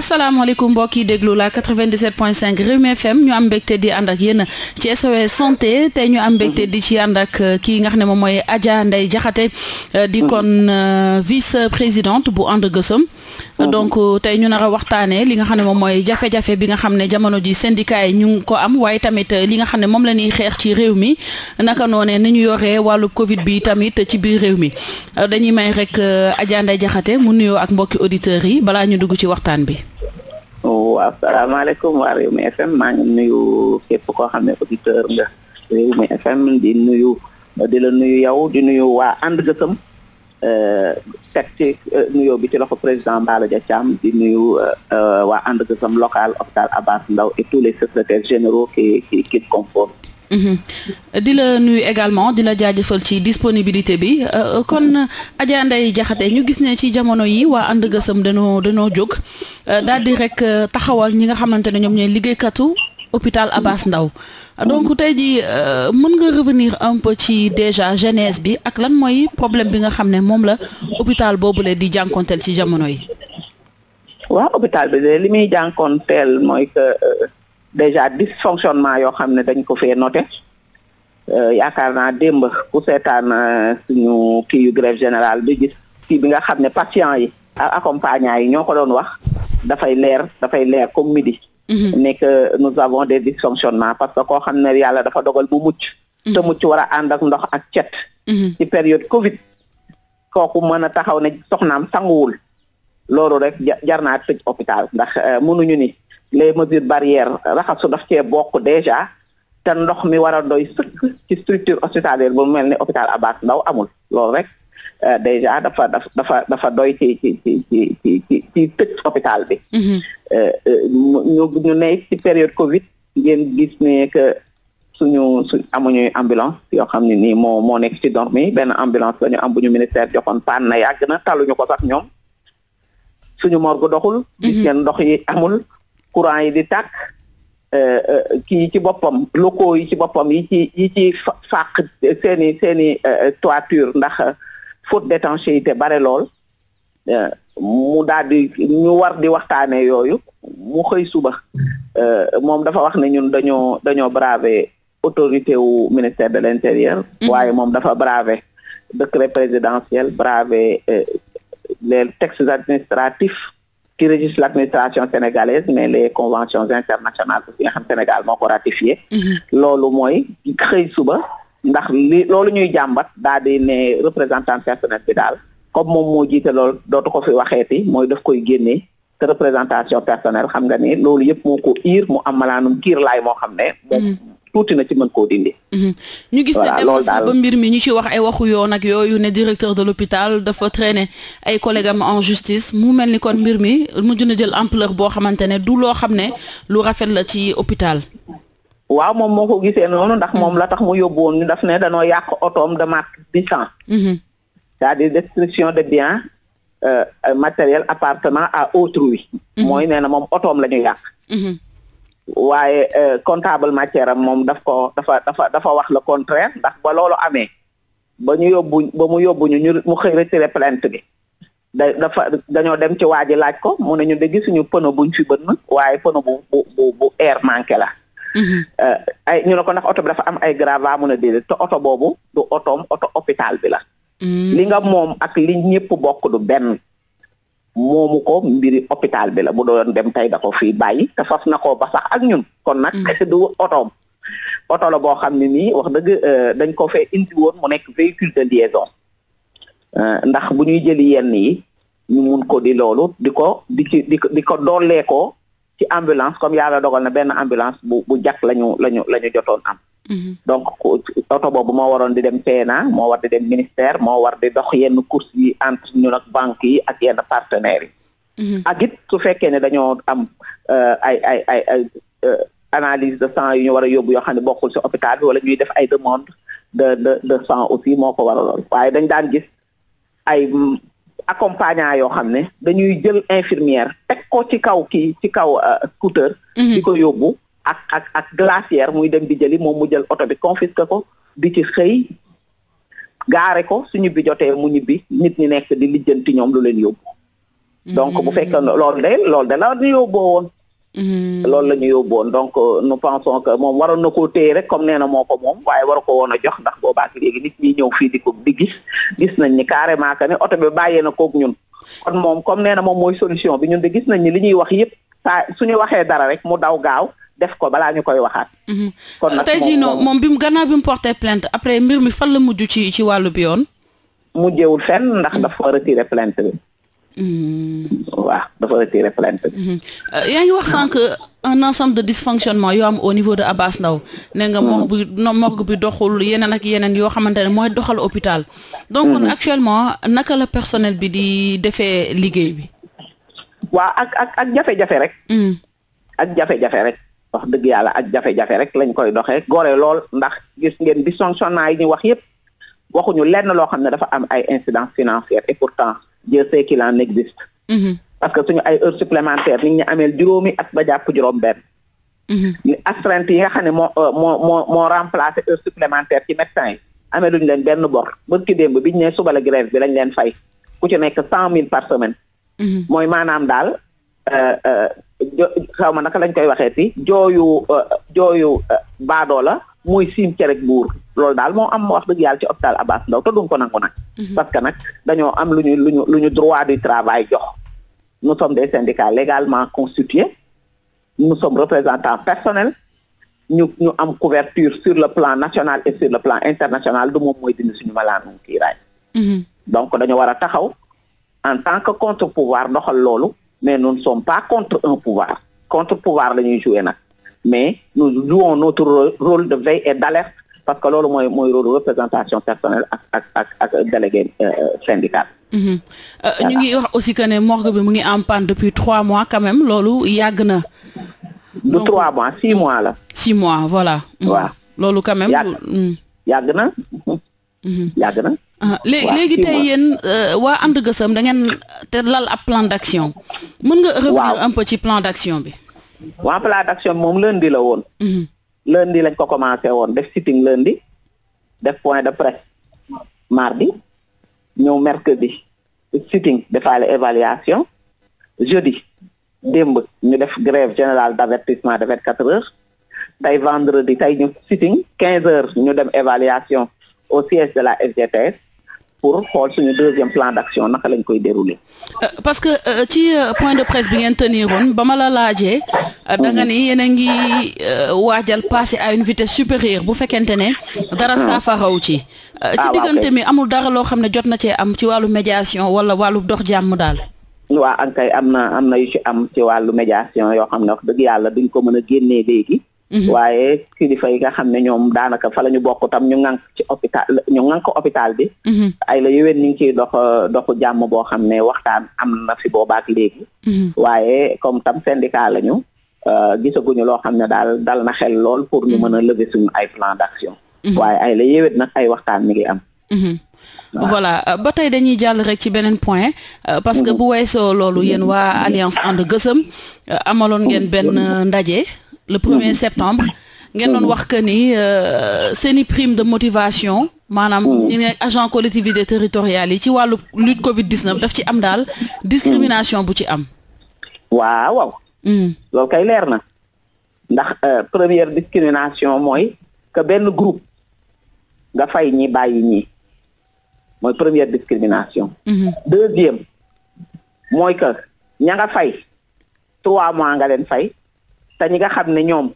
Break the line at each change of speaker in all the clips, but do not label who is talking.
asalaamaaleykum mbokk yi déglu la 97.5 Rewmi FM ñu am mbégte di ànd ak yéen ci SOS santé tey ñu am mbégte di ci ànd ak euh, kii nga xam ne moom mooy Adja Ndeye Diakhaté euh, di kon euh, vice présidente bu ànd Gueusseum donc euh, tey ñu nar a waxtaanee li nga xam ne moom mooy jafe-jafe bi nga xam ne jamono ji syndicat yi ñu ngi ko am waaye tamit euh, li nga xam ne moom la ñuy xeex ci réew mi naka noonee ni ñu yoree wàllu Covid bi tamit ci biir réew mi euh, dañuy may rek Adja Ndeye mu nuyoo ak mbokki auditeurs yi balaa ñu dugg ci waxtaan bi.
waaw oh, salaamaaleykum waa Rewmi FM maa ngi nuyu képp koo xam ne auditeur nga Rewmi FM di nuyu di nuyu yow di nuyu waa ànd gësëm teg ci euh, nuyoo bi ci loxo président Mbaalo Dia Thiam di nuyu euh, euh, waa ànd gësam local hôpital Abass ndaw et tous les secrétaires généraux qui qui qui
mhm. di la nuyu également di la jaajëfal ci disponibilité bi kon Adja Ndeye ñu gis ne ci jamono yi waa ànd gësam danoo danoo jóg daal di rek taxawal ñi nga xamante ne ñoom ñooy liggéeykatu hôpital Abass ndaw donc tey jii euh, mën nga revenir un ci déjà genèse bi ak lan mooy problème bi nga xam ne moom la hôpital boobule di jànkonteel ci jamono yi. waaw hôpital
bi de li muy jànkonteel mooy que euh, déjà dysfonctionnement yoo xam ne dañ ko fee noté euh, yaakaar naa démb ku seetaan suñu kii yu grève générale bi kii bi nga xam ne patient yi. accompagnant yi ñoo ko doon wax dafay leer dafay leer comme midi Mm-hmm. ne que nous avons des dysfonctionnements parce que koo xam ne yàlla dafa dogal bu mucc. Mm-hmm. te mucc war a ànd ak ndox ak cet. Mm-hmm. ci période Covid kooku mën a taxaw ne soxnaam sanguwul loolu rek jar naa tëj hôpital ndax euh, mënuñu ni les mesures barrières raxasu daf cee bokk déjà te ndox mi war a doy sëkk ci structure hospitalière bu mel ni a Abass ndaw amul loolu rek. Euh, déjà dafa dafa dafa doy ci ci ci ci ci ci ci tëj hôpital bi. Mhm. Euh, euh, ñu ñu ci période Covid ngeen gis ne que suñu suñ amuñu ambulance yoo xam ne nii moo moo nekk ci dormi mi benn ambulance la ñu am bu ñu ministère joxoon paan na yàgg na taluñu ko sax ñoom suñu morgue doxul. Mhm. gis ngeen ndox yi amul courant yi di takk kii ci boppam locaux yi ci boppam yi ci yi ci fàq seeni seeni toiture ndax. faute d'étanchéité bare lool euh, mu daal di ñu war di waxtaanee yooyu mu xëy suba euh, moom dafa wax ne ñun dañoo dañoo braver autorité wu ministère de l'intérieur mhm. waaye moom dafa braver décret présidentiel braver euh, les textes administratifs qui régissent l'administration sénégalaise mais les conventions internationales aussi nga xam Sénégal moo ko ratifié mhm. loolu mooy xëy suba ndax li loolu ñuy jàmbat daal di ne représentant personnel bi daal comme moom moo jiite lool dootu ko fi waxeeti mooy daf koy génne te représentation personnelle xam nga ni loolu yëpp moo ko iir mu am malaanum kiir laay moo xam ne mm-hmm. tuuti na ci mën koo dindi mm-hmm. ñu gis ne dem sax ba mbir
mi ñu ci wax ay waxu yoon ak yooyu ne directeur de l'hôpital dafa traîner ay collègues en justice mu mel ni kon mbir mi mujj na jël ampleur boo xamante ne du loo xam ne lu rafet la ci hôpital
waaw moom moo ko gisee noonu ndax moom mm-hmm. la tax mu yóbbu woon ñu daf nee danoo yàq otoom de marque Bichon. Mm-hmm. c'est-à-dire destruction de biens euh, matériels appartenant à autrui. Mm-hmm. mooy nee na moom otoom la ñu yàq. waaye euh, comptable matière am moom daf ko dafa dafa dafa wax la contraire ndax ba loolu amee ba ñu yóbbu ba mu yóbbu ñu mu xëy retiré plainte bi da dafa dañoo dem ci waa ji laaj ko mu ne ñu de gisuñu pono buñ fi bënn waaye pono bu bu bu air manqué la
Eh,
ay ñu ne ko ndax oto bi dafa am ay gravats mun a déedéet te oto boobu du otoom oto hôpital bi la. Mm. li nga moom ak li ñëpp bokk du benn. moomu ko mbiri hôpital bi la bu doon dem tey da ko fii bàyyi te fas na ko ba sax ak ñun kon nag mm. du otoom oto la boo xam ne nii wax dëgg eh, dañ ko fee indi woon mu nekk véhicule de liaison eh, ndax bu ñuy jëli yenn yi ñu mun ko di loolu di ko di ci di di ko doolee ko ci ambulance comme yàlla dogal na benn ambulance bu bu jàkk lañu lañu la ñu jotoon am mhm. donc oto boobu moo waroon di dem PNA moo war di dem ministère moo war di dox yenn course yi entre ñun ak banque yi ak yenn partenaire yi mhm. ak it su fekkee ne dañoo am euh, ay ay ay ay euh, analyse de sang yu ñu war a yóbbu yoo xam ne bokkul si hôpital bi wala ñuy def ay demande de de de sang aussi moo ko waraloon waaye dañ daan gis accompagnant yoo xam ne dañuy jël infirmière teg ko ci kaw kii ci kaw euh, scooter mhm. di ko yóbbu ak ak ak glacière muy dem di jëli moom mu jël oto bi confisque ko di ci xëy gaare ko suñu bi jotee mu ñibbi nit ñi nekk di lijjanti ñoom lu leen yóbbu mhm. donc bu fekkee loolu de loolu de la yóbboo woon Mm-hmm. loolu la ñu yóbboon donc euh, nous pensons que moom waroon na koo téye rek comme nee na moo ko moom waaye war ko woon a jox ndax boobaak léegi nit ñi ñëw fii di ko di gis gis nañ ni carrément que ne oto bi bàyyee na koog ñun kon moom comme nee na moom mooy solution bi ñun de gis nañ ni li ñuy wax yëpp saa ñu waxee dara rek mu daw gaaw def ko balaa ñu koy waxaat mm-hmm. kon nag tey jii noonu moom
bi mu gannaaw bi mu porté plainte après mbir mi fan la mujj ci ci wàllu bi yoon mujjewul
fenn ndax mm-hmm. dafa retiré plainte bi Mm-hmm. waaw dafa retiré plainte bi.
Mm-hmm. Euh, yaa ngi wax sànq un ensemble de dysfonctionnement yoo am au niveau de Abass Ndao ne nga morgue bi mm-hmm. morgue bi doxul yeneen ak yeneen yoo xamante ne mooy doxal hôpital. donc actuellement naka la personnel bi di defee liggéey bi. waaw ak ak ak jafe-jafe
rek. Mm. ak jafe-jafe rek. wax dëgg yàlla ak jafe-jafe rek lañ koy doxee gore lool ndax gis ngeen dysfonctionnement yi ñuy wax yëpp waxuñu lenn loo xam ne dafa am ay incidences financières et pourtant. Dieu sait qu'il en existe. Mm-hmm. parce que suñu ay heures supplémentaires ni ñu ameel juróomi at ba jàpp juróom-benn. Mm-hmm. astreinte yi nga xam ne moo euh, moo moo moo remplacé heures supplémentaires ci médecin yi amee luñu leen benn bor bërki démb bi ñu ne suba la grève bi lañ leen fay ku ci nekk cent mille par semaine. Mm-hmm. mooy maanaam daal euh, euh, xaw ma naka lañ koy waxee ci jooyu jooyu baadoo la muy siin cerek buur loolu daal moo am wax dëgg yàlla ci hôpital Abass Ndao te duñ ko nangu nag mhm. parce que nag dañoo am lu ñu lu ñu lu ñu droit du travail jox nous sommes des syndicats légalement constitués nous sommes représentant personnels ñu ñu am couverture sur le plan national et sur le plan international du moom mooy dindi suñu malaanum kiiraay mhm. donc dañu war a taxaw en tant que contre pouvoir doxal loolu mais nous ne sommes pas contre un pouvoir contre pouvoir la ñuy joué nag mais nous jouons notre rôle de veille et d'alerte parce que loolu mooy mooy rôle représentation personnelle ak ak ak ak délégué euh,
syndical. Mhm. Euh, ñu ngi wax aussi que ne morgue bi mu ngi en panne depuis trois mois quand loolu yàgg na. du trois mois six mois la. six mois voilà. Mhm. waaw loolu quand même. yàgg na mhm. yàgg na. léegi léegi tey euh, waa And Gueusseum da te lal ab plan d' action. mën nga revenir un peu ci plan d' action bi.
waaw plan d'action moom lundi la woon. Mhm. lundi lañ ko commencé woon def sitting lundi def point de presse mardi ñëw mercredi sitting defaale évaluation jeudi démb ñu def grève générale d'avertissement de vingt quatre heures tey vendredi tey ñu sitting quinze heures ñu dem évaluation au siège de la FGTS pour xool suñu deuxième plan d'action naka lañ koy dérouler.
Euh, parce que euh, ci euh, point de presse bi ngeen teniroon ba ma la laajee. da nga mhm. ni yéen a ngi waajal passer à une vitesse bu fekkente ne. dara mhm. saafaraw ci. ci ah, diggante mi amul dara loo xam ne jot na cee am ci wàllu médiation wala wàllu ndox jàmm daal.
waa ak kay am na am na yu ci am ci wàllu médiation yoo xam ne wax dëgg yàlla duñ ko mën a génnee léegi. Mm-hmm. waaye kilifa yi nga xam ne ñoom daanaka fa la ñu bokk tam ñu ŋànk ci hôpital ñu ŋànk hôpital bi. Mm-hmm. ay la yowén ñu ngi dox doxu jàmm boo xam ne waxtaan am na fi boobaak léegi. Mm-hmm. waaye comme tam syndicat la ñu euh, gisaguñu loo xam ne daal dal na xel lool pour ñu mën a lever suñu ay plan d'action. waaye ay la yowén nag ay waxtaan mi ngi am.
voilà euh, ba tey dañuy jàll rek ci beneen point euh, parce que bu weesoo loolu yéen waa alliance And Gueusseum amaloon ngeen benn ndaje. le premier septembre ngeen doon wax que ni euh, seen i prime de motivation maanaam mm. ñu ne agent collectivité territoriale yi ci wàllu lutte Covid 19 def ci am daal discrimination bu ci am.
waaw waaw. Mm. loolu kay leer na ndax euh, première discrimination mooy que benn groupe nga fay ñi bàyyi ñi mooy première discrimination. Mm-hmm. deuxième mooy que ña nga fay trois mois nga leen fay. te ñi nga xam ne ñoom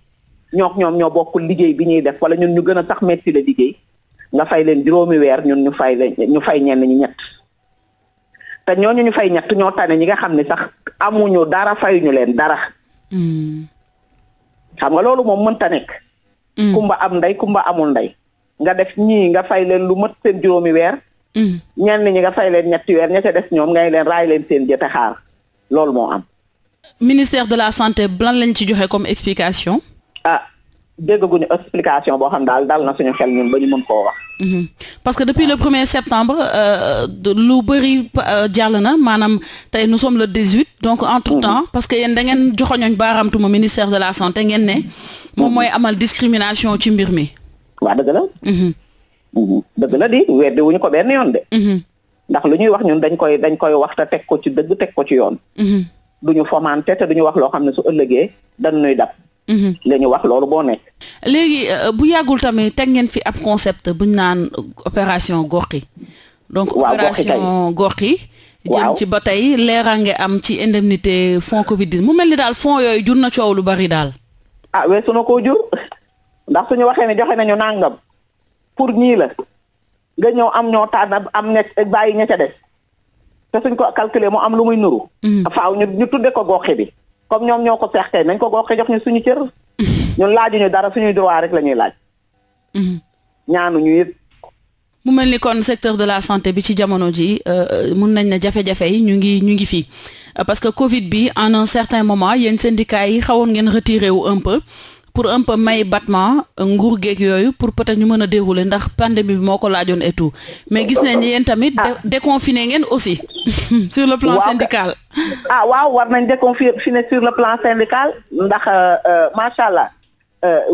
ñook ñoom ñoo bokkul liggéey bi ñuy def wala ñun ñu gën a sax metti la liggéey nga fay leen juróomi weer ñun ñu fay leen ñu fay ñenn ñi ñett te ñooñu ñu fay ñett ñoo ñi nga xam ne sax amuñu dara fayuñu leen dara. Hmm. xam nga loolu moom mënta nekk. Hmm. kumba am ndey kumba amul ndey. nga def ñii nga fay leen lu mat seen juróomi weer. Hmm. ñenn ñi nga fay leen ñetti weer ña ca ñoom ngay leen raay leen seen jëte xaar loolu moo am.
ministère de la santé lan lañ ci joxe comme explication. ah déggaguñu explication boo xam
daal daal na suñu xel ñun ba ñu mën koo wax.
Mhm. parce que depuis le premier septembre euh, lu bëri euh, jàll na maanaam tey nous sommes le 18 donc entre temps mhm. parce que yéen da ngeen joxoñoñ baaramtuma ministère de la santé ngeen ne moom mooy mhm. amal discrimination ci mbir mi.
waaw dëgg la. dëgg la di weddi wuñu ko benn yoon de. ndax lu ñuy wax ñun dañ koy dañ koy wax te teg ko ci dëgg teg ko ci yoon. duñu fomante te duñu wax loo xam ne su ëllëgee dañu nuy dab. Mhm. la ñu wax loolu boo nekk.
léegi euh, bu yàggul tamit teg ngeen fi ab concept bu ñu naan opération goxi. donc opération goxi jëm ci ba tey leeraange am ci indemnité fonds Covid 19 mu mel ni daal fonds yooyu jur na coow lu bari daal. ah koo jur ndax suñu waxee ne joxe
nañu nangam pour ñii la nga ñëw am ñoo tànn am ne bàyyi ña ca te suñ ko calculer mu am lu muy nuru. Mm. faaw ñu ñu tuddee ko gox bi comme ñoom ñoo ko seex kay nañ ko gox jox ñu suñu cër. ñun laajuñu dara suñuy droit rek la ñuy laaj.
Mm-hmm. ñaanuñu it. mu mel ni kon secteur de la santé bi ci jamono ji euh, mun nañ ne jafe-jafe yi ñu ngi ñu ngi fii euh, parce que Covid bi en un certain moment yéen syndicats yi xawoon ngeen retiré wu un peu. pour un peu may battement euh, nguur geeg yooyu pour peut-être ñu mën a dérouler ndax pandémie bi moo ko laajoon et tout mais gis nañ ni yéen tamit ah. déconfiné ngeen aussi sur le plan syndical
a ah, waaw war nañ déconfiné sur le plan syndical ndax euh, euh, macha allah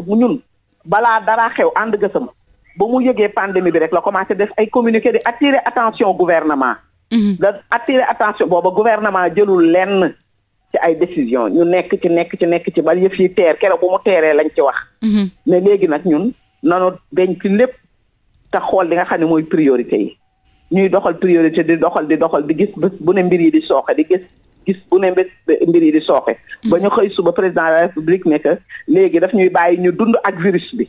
ñun balaa dara xew ànd gësam ba mu yëgee pandémie bi rek la commencé def ay communiqué di attirer attention gouvernement mhm. da attirer attention booba gouvernement jëlul lenn ci ay décision ñu nekk ci nekk ci nekk ci ba yëf yi teer keroog bu mu teeree lañ ci wax. Mm-hmm. mais léegi nag ñun nanu dañ ci lépp te xool di nga xam ne mooy priorité yi ñuy doxal priorité di doxal di doxal di gis bés bu ne mbir yi di sooxe di gis gis bu ne mbir yi di sooxe. Mm-hmm. ba ñu xëy suba président de la république ne léegi daf ñuy bàyyi ñu dund ak virus bi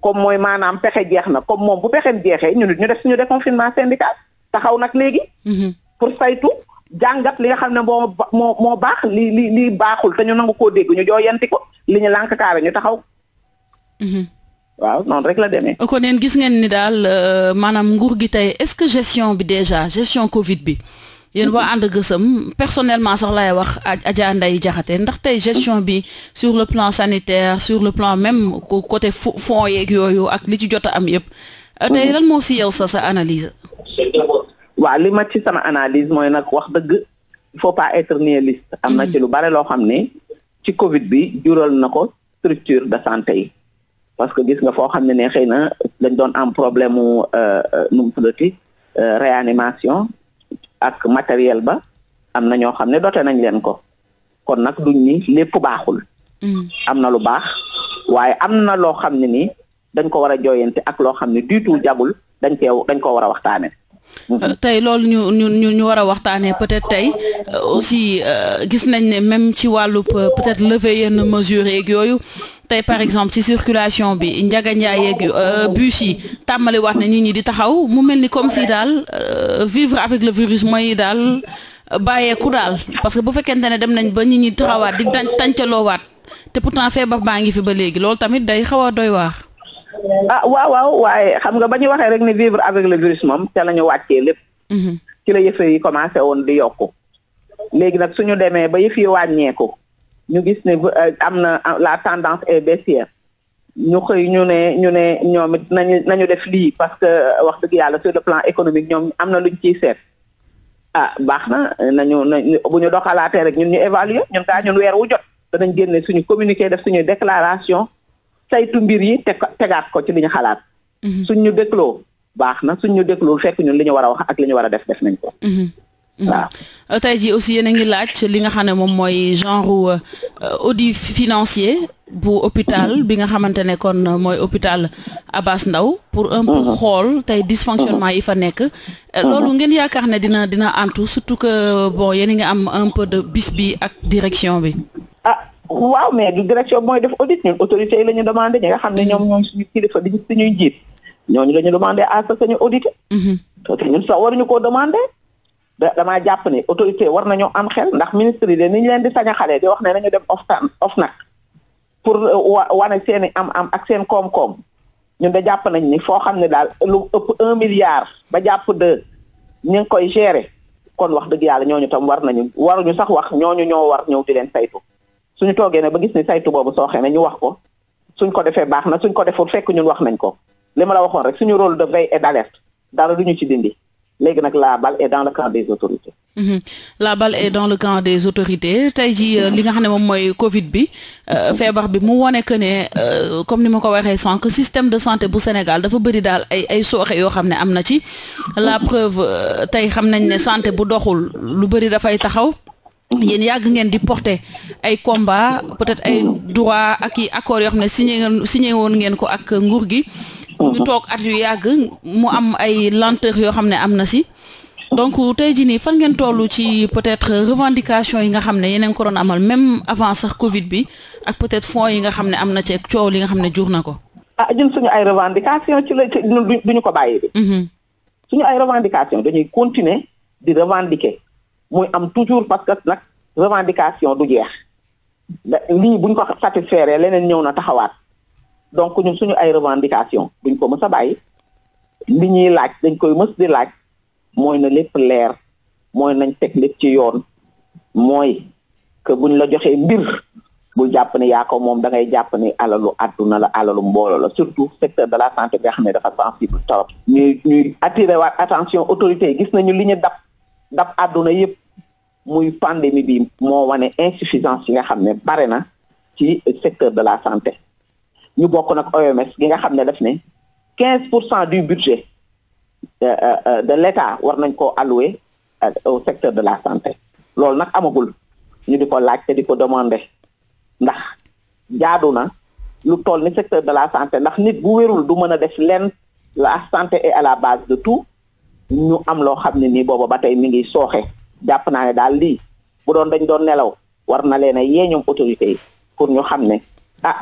comme mooy maanaam pexe jeex na comme moom bu pexeen jeexee ñu ñu def si déconfinement syndical taxaw nag léegi. Mm-hmm. pour jàngat li nga xam ne moo moo moo baax li li li baaxul te ñu nangu ko dégg ñu jooyanti ko li ñu lànk kaare ñu taxaw. u mhm. waaw noonu
rek la demee. kon neen gis ngeen ni daal euh, maanaam nguur gi tey est-ce que gestion bi déjà gestion Covid bi. yéen waa ànd gësëm personnellement sax laay wax Adja Ndeye Diakhaté ndax tey gestion bi sur le plan sanitaire sur le plan même côté fonds yeeg yooyu ak li ci jot a am yëpp. Euh, tey mhm. lan moo si yow sa sa analyse.
waaw li ma ci sama analyse mooy nag wax dëgg il faut pas être nihiliste am na mm. ci lu bare loo xam ne ci Covid bi jural na ko structure de santé yi parce que gis nga foo xam ne ne xëy na dañ doon am problème mu euh, euh, nu mu tuddati euh, réanimation ak matériel ba am na ñoo xam ne dote nañ leen ko kon nag duñ ni lépp baaxul mm. am na lu baax waaye am na loo xam ne ni dañ ko war a jooyante ak loo xam ne du tout jagul dañ cee dañ ko war a waxtaane
Euh, tey loolu ñu ñu ñu ñu war a waxtaanee peut-être tey euh, aussi euh, gis nañ ne même ci wàllu peut-être lever yenn mesures yeeg yooyu tey par exemple ci circulation bi Ndiaga Ndiaye yeeg bus yi tàmmali waat na nit ñi di taxaw mu mel ni comme si daal vivre avec le virus mooy daal bàyyeeku daal parce que bu fekkente ne dem nañ ba nit ñi taxawaat di tàncaloowaat te pourtant feebar baa ngi fi ba léegi loolu tamit day xaw a doy waar.
ah waaw waaw waaye xam nga ba ñu waxee rek ni vivre avec le virus moom te la ñu wàccee lépp. Mhm. ci la yëf yi commencé woon di yokku. léegi nag suñu demee ba yëf yi ñeeku ñu gis ne euh, am na euh, la tendance est baissière ñu xëy ñu ne ñu ne ñoom it nañu nañu def lii parce que euh, wax dëgg yàlla sur le plan économique ñoom am na luñ ci seet. ah baax na nañu nañu bu ñu doxalaatee rek ñun ñu évaluer ñun kaa ñun weer wu jot danañ génne suñu communiqué def suñu déclaration. saytu mbir yi te tegaat ko ci li ñu xalaat. Mhm. suñ ñu dégloo baax na suñ ñu dégloo fekk ñun li ñu war a wax ak li ñu war a def def nañ ko.
Mhm. Mhm. waaw euh, tey jii aussi yéen ngi laaj li nga xam ne moom mooy genre euh, audi financier bu hôpital bi nga xamante ne kon mooy hôpital Abass Ndao pour un peu xool tey dysfonctionnement yi fa nekk euh, loolu ngeen yaakaar ne dina dina antu surtout que bon yéen a ngi am un peu de bis bi ak direction bi
waaw mais du direction mooy def audit ñun autorités yi la ñu demandé ñi nga xam ne ñoom ñoom suñu kilifa di suñuy njiit ñooñu la ñu demandé à ce que ñu audité te mhm. ñun sax waruñu koo demandé da damaa jàpp ne autorité war nañoo am xel ndax ministre yi de ni ñu leen di sañ a di wax ne nañu dem oftan of nag pour euh, wa wane seen i am am ak seen koom-koom ñun da jàpp nañ ni foo xam ne daal lu ëpp un milliard ba jàpp de ñu ngi koy gérer kon wax dëgg yàlla ñooñu tam war nañu waruñu sax wax ñooñu ñoo war ñëw di leen saytu suñu toogee ne ba gis ni saytu boobu sooxee na ñu wax ko suñ ko defee baax na suñ ko deful fekk ñun wax nañ ko li ma la waxoon rek suñu rol de veille et d'alerte dara du ñu ci dindi léegi nag la balle est dans le camp des autorités.
Mmh. la balle est dans le camp des autorités tey jii euh, li nga xam ne moom mooy Covid bi euh, feebar bi mu wone que ne euh, comme ni ma ko waxee sànq système de santé bu Sénégal dafa bëri daal ay sooxe yoo xam ne am na ci la preuve tey xam nañ ne santé bu doxul lu bëri dafay taxaw. yéen yàgg ngeen di porter ay combat peut-être ay droit ak i accords yoo xam ne signé ngeen signé woon ngeen ko ak nguur gi ñu toog at yu yàgg mu am ay lenteur yoo xam ne am na si donc tey jii nii fan ngeen toll ci peut-être revendication yi nga xam ne yeneen ko doon amal même avant sax Covid bi ak peut-être fonds yi nga xam ne am na ci coow li nga xam ne jur na ko
ah ñun suñu ay revendication ci la duñu ko bàyyi bi mhm. ñu ay revendication dañuy continuer di revendiquer muy am toujours parce que nag revendication du jeex lii buñ ko satisfaire leneen ñëw na taxawaat donc ñun suñu ay revendication buñ ko mës a bàyyi li ñuy laaj dañ koy mës di laaj mooy na lépp leer mooy nañ technique ci yoon mooy que buñ la joxee mbir bul jàpp ne yaa ko moom da ngay jàpp ne alalu àdduna la alalu mbooloo la surtout secteur de la santé bi nga xam ne dafa sensible trop ñuy ñuy attiré waat attention autorité yi gis nañu li ñu dab ndax àdduna yëpp muy pandémie bi moo wane insuffisance yi nga xam ne bare na ci secteur de la santé ñu bokk nag OMS gi nga xam ne daf ne quinze pour cent du budget euh, euh, euh, de l'État war nañ koo alloué au secteur de la santé loolu nag amagul ñu di ko laaj te di ko demander ndax jaadu na lu tool ni secteur de la santé ndax nit bu wérul du mën a def lenn la santé et à la base de tout ñu am loo xam ne nii booba ba tey mi ngi sooxe jàpp naa ne daal lii bu doon dañ doon nelaw war na leen a yee ñoom autorité yi pour ñu xam ne ah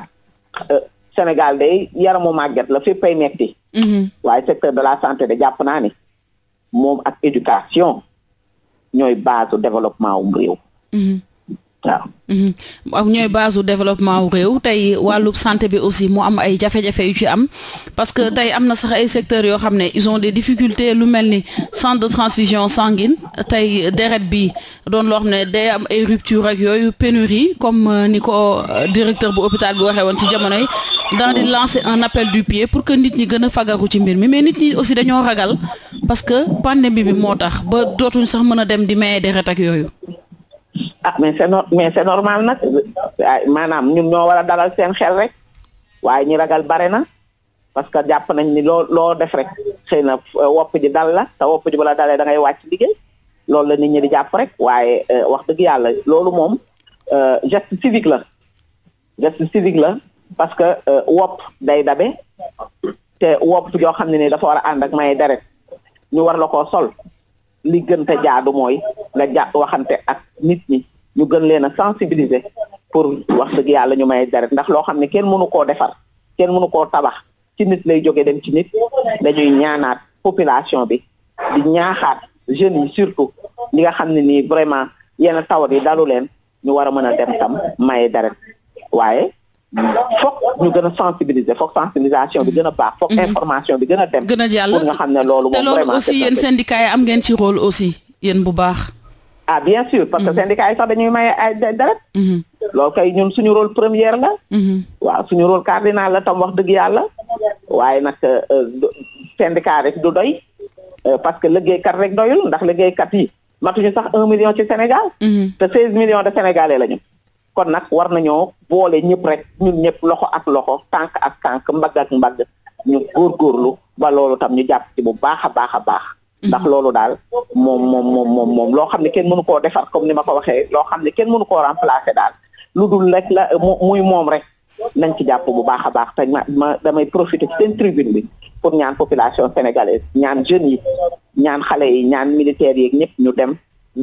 euh, Sénégal day yaramu màgget la fépp ay metti mm-hmm. waaye secteur de la santé de jàpp naa ni moom ak éducation ñooy base développement wu réew
mm-hmm. waaw. Mm-hmm.
ñooy base développement wu réew tey wàllub santé bi aussi mu am ay jafe-jafe yu ci am parce que tey am na sax ay secteurs yoo xam ne ils ont des difficultés lu mel ni centre de transfusion sanguine tey deret bi doon loo xam ne day am ay rupture ak yooyu pénurie comme euh, ni ko euh, directeur bu hôpital bi waxee woon ci jamono yi dans di lancer un appel du pied pour que nit ñi gën a fagaru ci mbir mi mais nit ñi aussi dañoo ragal parce que pandémie bi moo tax ba dootuñ sax mën a dem di maye deret ak yooyu.
ah mais c'est mais c'est normal nag maanaam ñun ñoo war a dalal seen xel rek waaye ñu ragal bare na parce que jàpp nañ ni loo loo def rek xëy na euh, wopp ji dal la te wopp ji bala dalee da ngay wàcc liggéey loolu la nit ñi di jàpp rek waaye euh, wax dëgg yàlla loolu moom euh, geste civique la geste la parce que wopp day dabe te wop joo xam ne ni dafa war a ànd ak may deret ñu war la koo sol li gën te jaadu mooy nga ja waxante ak nit ñi ñu gën leen a sensibiliser pour wax dëgg yàlla ñu may deret ndax loo xam ne kenn mënu koo defar kenn mënu koo tabax ci nit lay joge dem ci nit dañuy ñaanaat population bi di ñaaxaat jeunes yi surtout ñi nga xam ne nii vraiment yenn tawat yi dalu leen ñu war a mën a dem tam maye deret waaye foog ñu gën a sensibiliser foog sensibilisation bi gën a baax. foog mhm. information bi gën a dem. gën a pour nga xam ne loolu moom vraiment. te loolu aussi yéen syndicat
yi am ngeen ci rôle aussi yéen bu baax. ah bien sûr parce que mhm. syndicat yi sax dañuy maye ay deret
mhm.
loolu kay ñun suñu rol première la mhm. waaw suñu rôle cardinal la tam wax dëgg yàlla waaye nag euh, euh, syndicat rek du doy euh, parce que liggéeykat rek doyul ndax liggéeykat yi matuñu sax un million ci Sénégal te seize millions de Sénégalais lañu kon nag war nañoo boole ñëpp rek ñun ñëpp loxo ak loxo tànk ak tànk mbagg ak mbagg ñu góorgóorlu ba loolu tam ñu jàpp ci bu baax a baax a baax ndax mhm. loolu daal moom moom moom moom moom loo xam ne kenn mënu koo defar comme ni ma ko waxee loo xam ne kenn mënu koo remplacer daal lu dul rek la muy moom rek nañ ci jàpp bu baax a baax te ma ma damay profiter ci seen tribune bi pour ñaan population sénégalaise ñaan jeunes yi ñaan xale yi ñaan militaires yeeg ñëpp ñu dem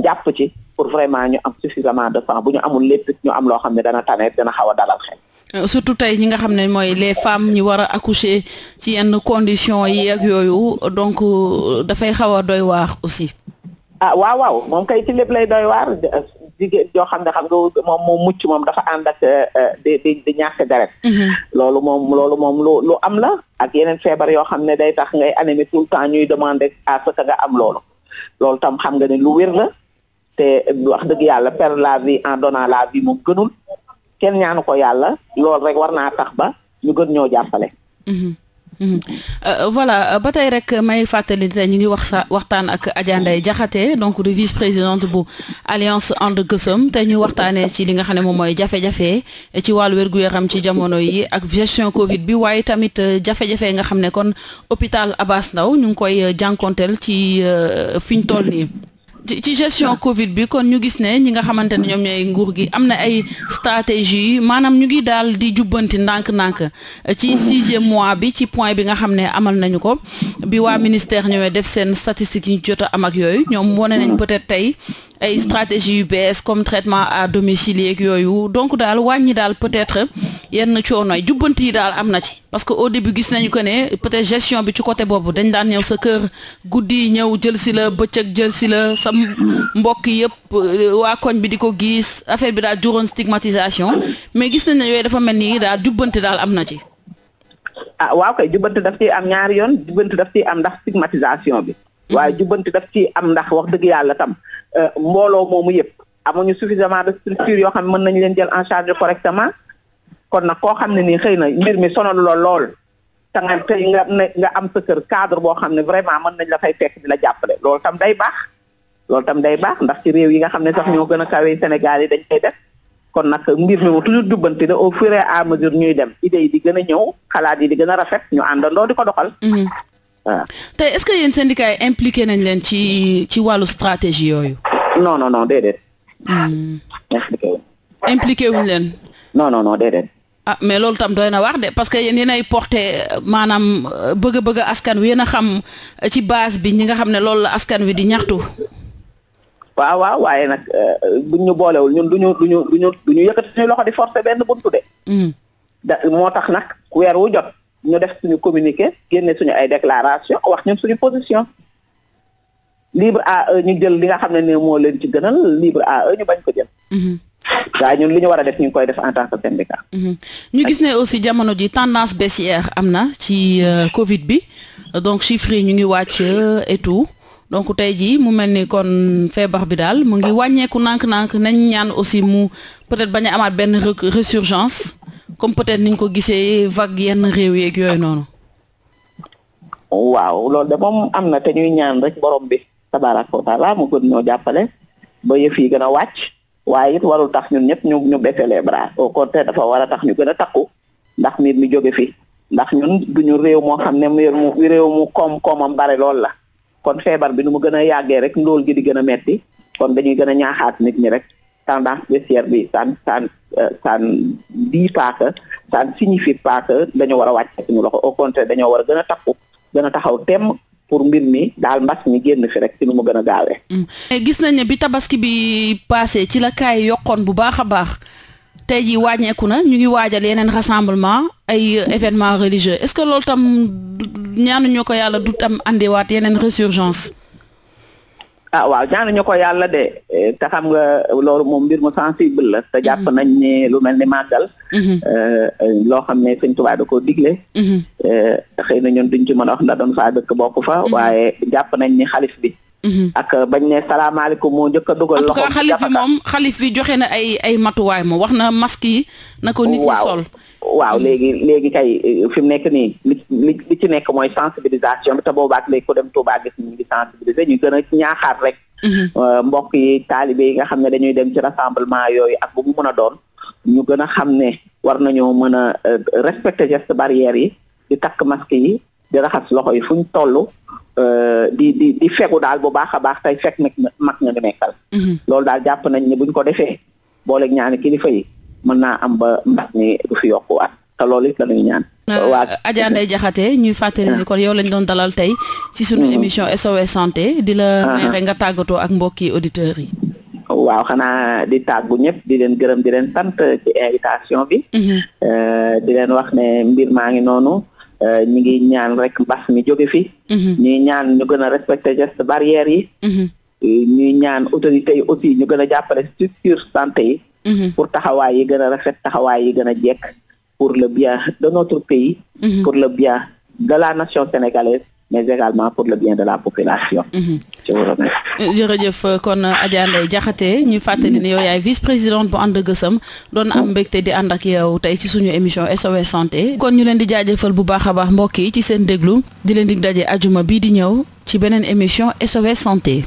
jàpp ci pour vraiment ñu am suffisamment de sang bu ñu amul lépp ñu am loo xam ne dana tane dana xaw a dalal xe
Euh, surtout tey ñi nga xam ne mooy les femmes ñu war a accoucher ci yenn conditions yi ak yooyu donc euh, dafay xaw a doy waax aussi.
a ah, waaw waaw moom kay ci lépp lay doy waar euh, jigéen joo xam ne xam nga moom moo mucc moom dafa ànd ak di di di mhm. loolu moom loolu moom lu am la ak yeneen feebar yoo xam ne day tax ngay anémie tout temps ñuy demander à am loolu loolu tam xam ne lu wér la te wax dëgg yàlla perdre la vie en donnant la vie moom gënul. kenn ñaanu ko yàlla loolu rek war naa tax ba ñu gën ñoo jàppale. Mmh.
Euh, voilà ba tey rek may fàttali ñu ngi wax sa waxtaan ak Adja Ndeye donc di vice présidente bu alliance And Gueusseum te ñu waxtaanee ci li nga xam ne moom mooy jafe-jafe ci wàllu wér yaram ci jamono yi ak gestion Covid bi waaye tamit euh, jafe-jafe nga xam ne kon hôpital Abass ndaw ñu ngi koy euh, jànkonteel ci euh, fi ñu toll nii. ci gestion Covid bi kon ñu gis ne ñi nga xamante ne ñoom ñooy nguur gi am na ay stratégie maanaam ñu ngi daal di jubbanti ndànk-ndànk ci sixième mois bi ci point bi nga xam ne amal nañu ko bi waa ministère ñëwee def seen statistiques yi ñu jot a yooyu ñoom wane nañ peut-être tey ay stratégie yu bees comme traitement à domicile yeeg yooyu donc daal wàññi daal peut-être yenn coono yi jubbanti yi daal am na ci parce que au début gis nañu ko ne peut-être bi ci côté boobu dañ daan ñëw sa kër si la bëccëg jël si mbokk yëpp euh, waa koñ bi di ko gis affaire bi daal juróon stigmatisation mais gis nañ ne yooyu mel ni daal jubbante daal am na ci. ah waaw kay jubbante daf
ciy am ñaari yoon jubbante daf ciy am ndax stigmatisation bi. Hmm. waaye jubbante daf ci am ndax wax dëgg yàlla tam euh, mbooloo moomu yëpp amuñu suffisamment de structure yoo xam ne mën nañu leen jël en charge correctement kon nag koo xam ne ni xëy na mbir mi sonal lool lool te nga tey nga nga am sa kër cadre boo xam ne vraiment mën nañ la fay fekk di la jàppale loolu tam day loolu tam day baax ndax ci réew yi nga xam ne sax ah. ñoo gën a kawee Sénégal yi dañ koy def kon nag mbir mi mu toujours dubbanti la au fur et à mesure ñuy dem idée yi di gën a ñëw xalaat yi di gën a rafet ñu àndandoo di ko
doxal. Mhm. waaw tey est-ce que yéen syndicats yi impliqué nañ leen ci ci wàllu stratégie yooyu.
non non non déedéet.
Mhm. impliqué leen.
non non non déedéet.
ah mais loolu tam doy na wax de parce que yéen yéen ay porté maanaam bëgg-bëgg askan wi yéen a xam ci base bi ñi nga xam ne loolu la askan wi di ñaxtu.
waaw waaw waaye nag euh, buñ ñu boolewul ñun du ñu duñu ñu du ñu yëkkati suñu loxo di forcer benn buntu de mm. da moo tax nag weer wu jot ñu def suñu communiqué génne suñu ay déclaration wax ñun suñu position libre à eux ñu jël li nga xam ne ni moo leen ci gënal libre à eux ñu bañ ko jël mm-hmm. waaye ñun li ñu war a def ñu ngi koy def en tant que mm-hmm.
ñu gis ne aussi jamono ji tendance baissière am na ci euh, Covid bi donc chiffres ñu ngi wàcc et tout donc tey jii mu mel ni kon feebax bi daal mu ngi wàññeeku nànk-nànk nañ ñaan aussi mu peut-être bañ a amaat benn résurgence comme peut-être niñ ko gisee vague yenn réew yeeg yooyu noonu.
waaw loolu de moom am na te ñuy ñaan rek borom bi tabaaraka wa taala mu gën ñoo jàppale ba yëf yi gën a wàcc waaye it warul tax ñun ñëpp ñu ñu baisser les bras au contraire dafa war a tax ñu gën a takku ndax mbir mi jóge fi ndax ñun duñu réew moo xam ne réew mu réew mu koom-koomam bare lool la. kon feebar bi nu mu gën a yàggee rek ndool gi di gën a metti kon dañuy gën a ñaaxaat nit ñi rek tendance baissière bi san san san euh, di pas que ça ne signifie dañoo war a wàcc suñu loxo au contraire dañoo war a gën takku gën taxaw temm pour mbir mi daal mbas mi génn fi rek ci nu mu gën a gaawee. Mm.
Eh, gis nañ ne bi tabaski bi paase ci la kaay yokkoon bu baax a baax. tey jii wàññeeku na ñu ngi waajal yeneen rassemblement ay événements religieux est-ce que loolu tam ñaanuñu ko yàlla du tam andiwaat yeneen résurgence
a ah, waaw ñaanuñu ko yàlla de eh, te nga loolu moom mbir mu sensible la te jàpp mhm. nañ ne lu mel ni màggal mhm. eh, eh, loo xam ne sëñ Tuubaa da koo digle mhm. xëy na ñun duñ ci mën a wax ndax doon faa dëkk bokk fa waaye jàpp nañ ni xalif bi Mhm. ak euh, bañ ne salaamaaleykum moo njëkk a dugal loxo xalif bi moom
xalif bi joxe na ay ay matuwaay moom wax na masque yi na ko nit ñi sol
waaw mhm. léegi léegi kay euh, fi mu nekk nii li li ci nekk mooy sensibilisation bi te boobaak léegi ko dem Touba gis ñu ngi sensibiliser ñu gën a ñaaxaat rek mhm. euh, mbokk yi taalibe yi nga xam ne dañuy dem ci rassemblement yooyu ak bu mu mën a doon ñu gën a xam ne war nañoo mën a respecter geste barrière yi di takk masque yi di raxas loxo yi fu ñu toll Euh, di di di fegu daal bu baax a baax tey fekk nag mag nga di nekkal. Mhm. loolu daal jàpp nañ ne buñ ko defee booleeg ñaani kilifa yi mën naa am ba mbas mi du fi yokkuwaat te lool it lañuy ñaan. Euh, waaw Adja Ndeye
Diakhaté ñuy fàttali ah. yow lañ doon dalal tey ci sunu mhm. émission SOS santé di la ah. neexee nga tàggatoo ak mbokki auditeurs yi.
waaw xanaa di tàggu ñëpp di leen gërëm di leen sant ci invitation bi. Mhm. Euh, di leen wax ne mbir maa ngi noonu. Euh, ñu ngi ñaan rek mbas mi jóge fi mhm. ñuy ñaan ñu gën a respecter gestes barrières yi mhm. euh, ñuy ñaan autorités yi aussi ñu gën a jàppale structure santé yi mhm. pour taxawaay yi gën a rafet taxawaay yi gën a jekk pour le bien de notre pays pour le bien de la nation sénégalaise mais également pour le bien de la population. Mhm.
je jërëjëf kon Adja Ndeye Diakhaté ñu fàttali ne yow yaay vice présidente bu ànd gësëm doon am mbégte di ànd ak yow tey ci suñu émission SOS santé. kon ñu leen di jaajëfal bu baax a baax mbokk yi ci seen déglu di leen di daje ajuma bii di ñëw ci beneen émission SOS santé.